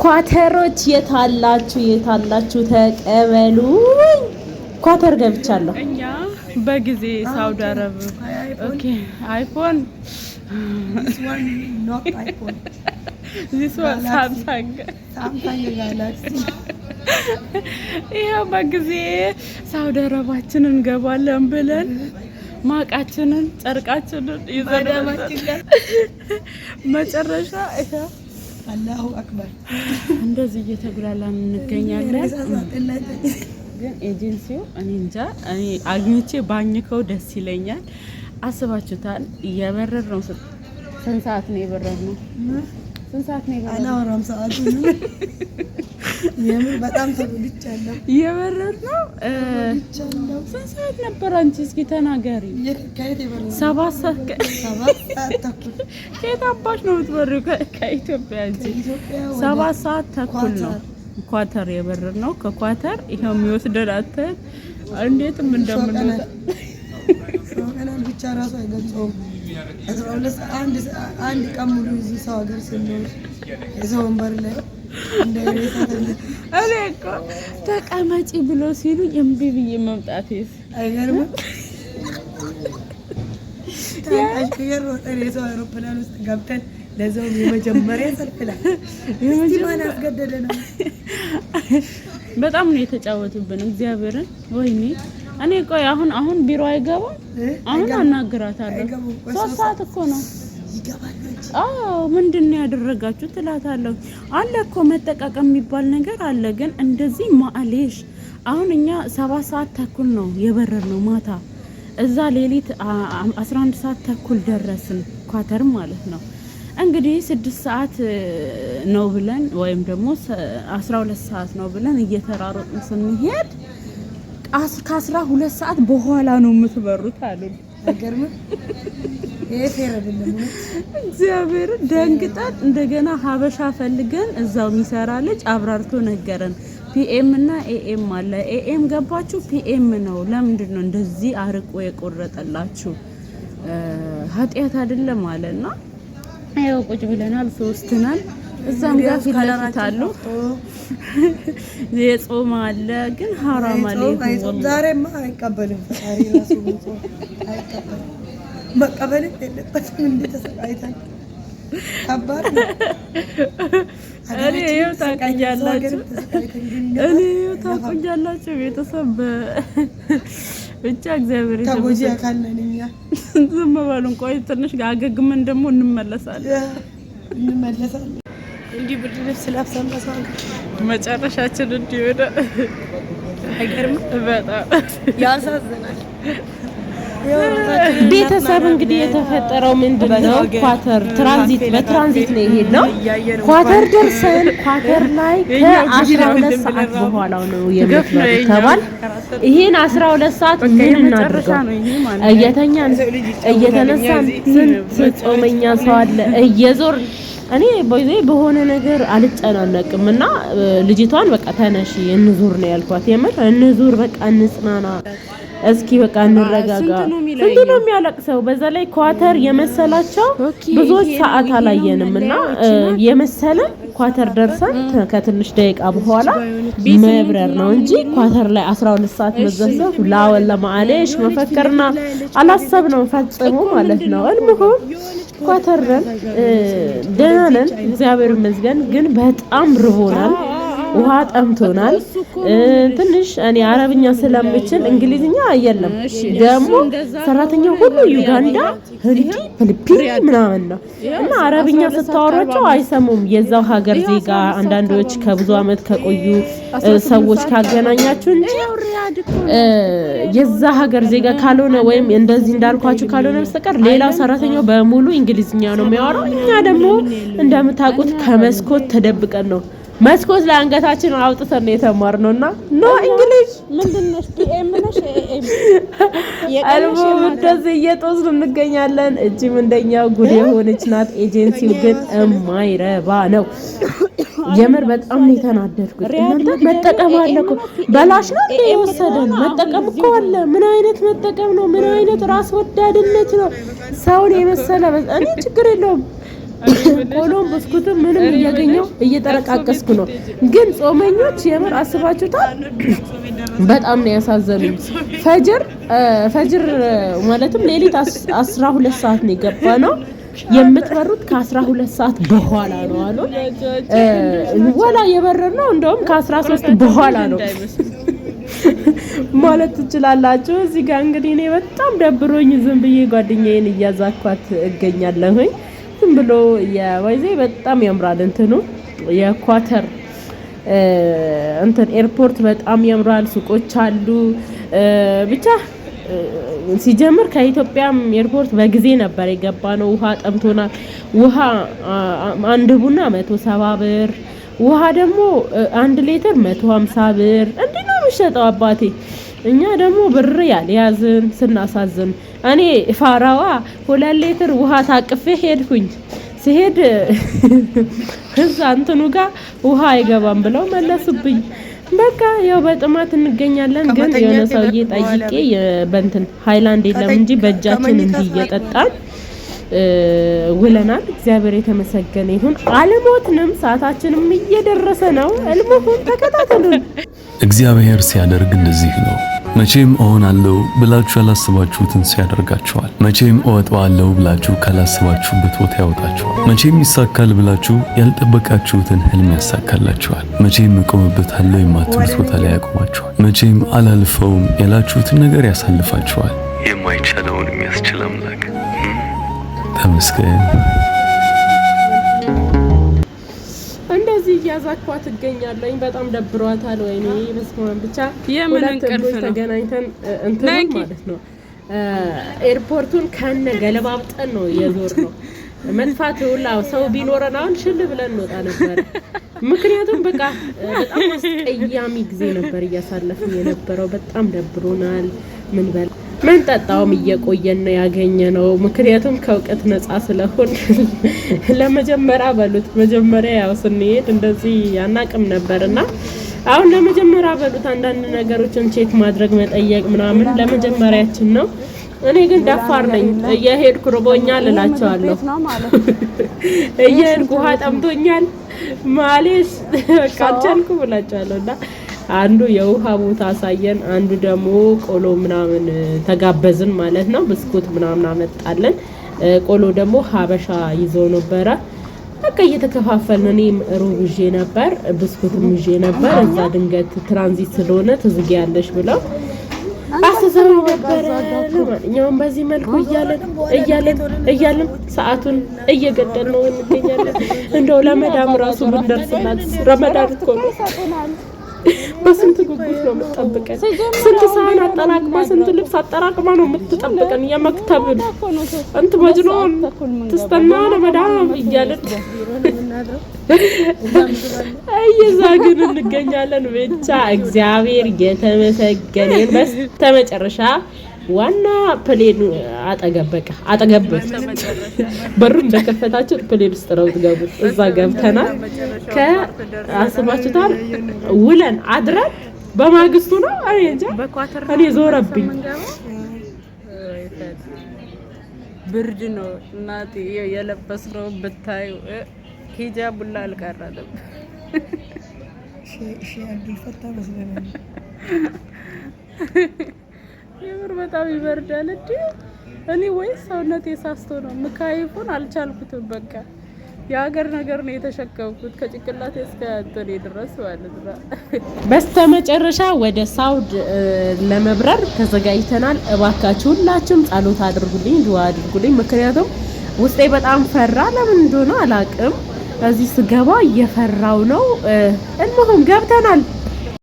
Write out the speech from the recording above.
ኳተሮች የታላችሁ የታላችሁ ተቀበሉ። ኳተር ገብቻለሁ። እኛ በጊዜ ሳውዲ አረብ ኦኬ አይፎን ይኸው በጊዜ ሳውዲ አረባችን እንገባለን ብለን ማቃችንን ጨርቃችንን ይዘን መጨረሻ አላሁ አክበር እንደዚህ እየተጉላላ እንገኛለን። ግን ኤጀንሲው እኔ እንጃ እኔ አግኝቼ ባኝከው ደስ ይለኛል። አስባችሁታል? የበረር ነው ስንት ሰዓት ነው የበረር ነው አላወራም። ሰዓቱን የምር በጣም የበረር ነው። ስንት ሰዓት ነበር? አንቺ እስኪ ተናገሪ። ሰባት ሰዓት ከየት አባሽ ነው የምትበሪው? ከኢትዮጵያ እንጂ ሰባት ሰዓት ተኩል ነው ኳተር የበረር ነው። ከኳተር ይኸው የሚወስደን አተን እንዴትም እንደምንወጣ ቀላል ብቻ ራሱ አይገልጸውም። አስራ ሁለት አንድ ቀን ሙሉ እዚህ ሰው ሀገር ስንኖር የሰው ወንበር ላይ እኔ እኮ ተቀመጪ ብሎ ሲሉ እምቢ ብዬ መምጣት አይገርምም። ሮጠን የሰው አውሮፕላን ውስጥ ገብተን ለዛውም የመጀመሪያ ሰልፍ ማን አስገደደ ነው። በጣም ነው የተጫወቱብን እግዚአብሔርን ወይኔ እኔ ቆይ አሁን አሁን ቢሮ አይገባም አሁን አናግራታለሁ። ሶስት ሰዓት እኮ ነው። አዎ ምንድን ነው ያደረጋችሁ ትላታለሁ። አለ እኮ መጠቃቀም የሚባል ነገር አለ። ግን እንደዚህ ማዕሌሽ አሁን እኛ ሰባት ሰዓት ተኩል ነው የበረር ነው ማታ እዛ ሌሊት 11 ሰዓት ተኩል ደረስን ኳተር ማለት ነው። እንግዲህ ስድስት ሰዓት ነው ብለን ወይም ደግሞ 12 ሰዓት ነው ብለን እየተራሮጥን ስንሄድ ከአስራ ሁለት ሰዓት በኋላ ነው የምትበሩት አሉ። እግዚአብሔርን ደንግጠን እንደገና ሀበሻ ፈልገን እዛው የሚሰራ ልጅ አብራርቶ ነገረን። ፒኤም እና ኤኤም አለ። ኤኤም ገባችሁ፣ ፒኤም ነው። ለምንድን ነው እንደዚህ አርቆ የቆረጠላችሁ? ኃጢአት አይደለም አለና ያው ቁጭ ብለናል። ሶስት ነን። እዛም ጋር ፊት ለፊት አሉ የጾም አለ ግን ሀራም አለ። ዛሬማ አይቀበልም መቀበልም የለበትም። እንደተሰቃይታል ከባድ ነው። እኔ ይኸው እኔ ይኸው ታውቁኛላችሁ ቤተሰብ ብቻ እግዚአብሔር ተጎጂ አካል እኛ። ዝም በሉን፣ ቆይ ትንሽ አገግመን ደግሞ እንመለሳለን እንመለሳለን። እንዲህ ብርድ ልብስ ለብሰን መጨረሻችን እንዲሆነ አይገርም። በጣም ያሳዝናል። ቤተሰብ እንግዲህ የተፈጠረው ምንድን ነው? ኳተር ትራንዚት በትራንዚት ነው ነው። ኳተር ደርሰን ኳተር ላይ ከአስራ ሁለት ሰዓት በኋላ ነው የምትለው ተባል። ይሄን አስራ ሁለት ሰዓት ምን እናድርገው? እየተኛን እየተነሳን ስንት ጾመኛ ሰው አለ እየዞር እኔ በይዜ በሆነ ነገር አልጨናነቅም እና ልጅቷን በቃ ተነሺ እንዙር ነው ያልኳት። የምር እንዙር በቃ እንጽናና፣ እስኪ በቃ እንረጋጋ። ስንቱ ነው የሚያለቅሰው? በዛ ላይ ኳተር የመሰላቸው ብዙዎች ሰዓት አላየንም እና የመሰለ ኳተር ደርሰን ከትንሽ ደቂቃ በኋላ መብረር ነው እንጂ ኳተር ላይ 12 ሰዓት መዘሰፍ ላወላ ማአሌሽ መፈከርና አላሰብ ነው ፈጽሞ ማለት ነው እልምሆን ኳተርን ደህና ነን፣ እግዚአብሔር ይመስገን። ግን በጣም ርቦናል። ውሃ ጠምቶናል። ትንሽ እኔ አረብኛ ስለምችል እንግሊዝኛ የለም። ደግሞ ሰራተኛው ሁሉ ዩጋንዳ፣ ህንዲ፣ ፊሊፒን ምናምን ነው እና አረብኛ ስታወሯቸው አይሰሙም። የዛው ሀገር ዜጋ አንዳንዶች ከብዙ አመት ከቆዩ ሰዎች ካገናኛችሁ እንጂ የዛ ሀገር ዜጋ ካልሆነ ወይም እንደዚህ እንዳልኳችሁ ካልሆነ በስተቀር ሌላው ሰራተኛው በሙሉ እንግሊዝኛ ነው የሚያወራው። እኛ ደግሞ እንደምታውቁት ከመስኮት ተደብቀን ነው መስኮት ላይ አንገታችን አውጥተን ነው የተማርነው። እና ኖ እንግሊዝ ምንድነሽ? ቢኤም ነሽ? ኤኤም አልቦ እንደዚህ እየጦዝን እንገኛለን። እጅም እንደኛው ጉድ የሆነች ናት። ኤጀንሲው ግን እማይረባ ነው። የምር በጣም ነው የተናደድኩት። እናንተ መጠቀም አለ እኮ በላሽ ነው እንደ የወሰደን መጠቀም እኮ አለ። ምን አይነት መጠቀም ነው? ምን አይነት ራስ ወዳድነት ነው? ሰውን የመሰለ እኔ ችግር የለውም ቆሎም ብስኩትም ምንም እያገኘው እየጠረቃቀስኩ ነው። ግን ጾመኞች የምር አስባችሁታል? በጣም ነው ያሳዘኑኝ። ፈጅር ፈጅር ማለትም ሌሊት 12 ሰዓት ነው የገባ ነው የምትበሩት ከ12 ሰዓት በኋላ ነው አሉ። ወላ የበረር ነው እንደውም ከ13 በኋላ ነው ማለት ትችላላችሁ። እዚህ ጋር እንግዲህ እኔ በጣም ደብሮኝ ዝም ብዬ ጓደኛዬን እያዛኳት እገኛለሁኝ። ብሎ የወይዜ በጣም ያምራል እንትኑ የኳተር እንትን ኤርፖርት በጣም ያምራል። ሱቆች አሉ። ብቻ ሲጀምር ከኢትዮጵያም ኤርፖርት በጊዜ ነበር የገባ ነው። ውሃ ጠምቶናል። ውሃ አንድ ቡና መቶ ሰባ ብር ውሃ ደግሞ አንድ ሌትር መቶ ሀምሳ ብር እንዲህ ነው የሚሸጠው አባቴ እኛ ደግሞ ብር ያልያዝን ስናሳዝን። እኔ ፋራዋ ሁለት ሌትር ውሃ ታቅፌ ሄድኩኝ። ሲሄድ እዛ እንትኑ ጋር ውሃ አይገባም ብለው መለሱብኝ። በቃ ያው በጥማት እንገኛለን። ግን የሆነ ሰውዬ ጠይቄ ሃይላንድ የለም እንጂ በእጃችን እንዲህ እየጠጣን ውለናል። እግዚአብሔር የተመሰገነ ይሁን። አልሞትንም። ሰዓታችንም እየደረሰ ነው። እልሙሁን ተከታተሉን። እግዚአብሔር ሲያደርግ እንደዚህ ነው። መቼም እሆናለሁ ብላችሁ ያላስባችሁትን ሲያደርጋችኋል። መቼም እወጣዋለሁ ብላችሁ ካላሰባችሁበት ቦታ ያወጣችኋል። መቼም ይሳካል ብላችሁ ያልጠበቃችሁትን ህልም ያሳካላችኋል። መቼም እቆምበታለሁ የማትሉት ቦታ ላይ ያቆማችኋል። መቼም አላልፈውም ያላችሁትን ነገር ያሳልፋችኋል። የማይቻለውን የሚያስችል አምላክ ተመስገን። እንደዚህ እያዛኳት ትገኛለኝ። በጣም ደብሯታል። ወይኔ መስማን አብ። ብቻ ሁለት እንዶች ተገናኝተን እንትን ማለት ነው ኤርፖርቱን ከነ ገለባብጠን ነው የዞር ነው መጥፋት ሁላ ሰው ቢኖረን አሁን ሽል ብለን እንወጣ ነበር። ምክንያቱም በቃ በጣም አስቀያሚ ጊዜ ነበር እያሳለፍን የነበረው። በጣም ደብሮናል። ምን በላ ምን ጠጣውም እየቆየን ነው ያገኘ ነው። ምክንያቱም ከእውቀት ነጻ ስለሆን ለመጀመሪያ በሉት መጀመሪያ ያው ስንሄድ እንደዚህ አናቅም ነበር እና አሁን ለመጀመሪያ በሉት አንዳንድ ነገሮችን ቼክ ማድረግ መጠየቅ ምናምን ለመጀመሪያችን ነው። እኔ ግን ደፋር ነኝ። እየሄድኩ ርቦኛል እላቸዋለሁ። እየሄድኩ ውሃ ጠምቶኛል ማሌሽ በቃ አልቻልኩም እላቸዋለሁ እና አንዱ የውሃ ቦታ አሳየን፣ አንዱ ደግሞ ቆሎ ምናምን ተጋበዝን ማለት ነው። ብስኩት ምናምን አመጣለን። ቆሎ ደግሞ ሀበሻ ይዘው ነበረ። በቃ እየተከፋፈልን እኔም ሩብ ይዤ ነበር፣ ብስኩትም ይዤ ነበር። እዛ ድንገት ትራንዚት ስለሆነ ትዝጊ ያለሽ ብለው አስተሰሩ ነበር። ለማንኛውም በዚህ መልኩ እያለን እያለን እያለን ሰዓቱን እየገደል ነው እንገኛለን። እንደው ለመዳም ራሱ ብንደርስላት ረመዳን እኮ ነው። በስንት ጉጉት ነው የምትጠብቀን? ስንት ሳህን አጠራቅማ፣ ስንት ልብስ አጠራቅማ ነው የምትጠብቀን? የመክተብን እንት መጅኖን ትስተና ለመዳም እያልን እየዛ ግን እንገኛለን። ብቻ እግዚአብሔር የተመሰገነን በስተመጨረሻ ዋና ፕሌን አጠገብ በቃ አጠገብ በሩ እንደከፈታችሁ ፕሌን ውስጥ ነው ትገቡት። እዛ ገብተናል። ከአስባችሁታል ውለን አድረን በማግስቱ ነው። እኔ እንጃ እኔ ዞረብኝ። ብርድ ነው እናቴ የለበስነው ብታዩ ሂጃብ ሁላ አልቀረንም። ሺ አብዱል ፈታ መስለናል የምር በጣም ይበርዳል። እንዲ እኔ ወይስ ሰውነት የሳስቶ ነው? ምካይፉን አልቻልኩትም። በቃ የሀገር ነገር ነው የተሸከምኩት ከጭቅላት እስከ እንትን ድረስ ማለት ነው። በስተ መጨረሻ ወደ ሳውድ ለመብረር ተዘጋጅተናል። እባካችሁ ሁላችሁም ጸሎት አድርጉልኝ፣ ዱዓ አድርጉልኝ። ምክንያቱም ውስጤ በጣም ፈራ። ለምን እንደሆነ አላቅም። እዚህ ስገባ እየፈራው ነው። እንሁም ገብተናል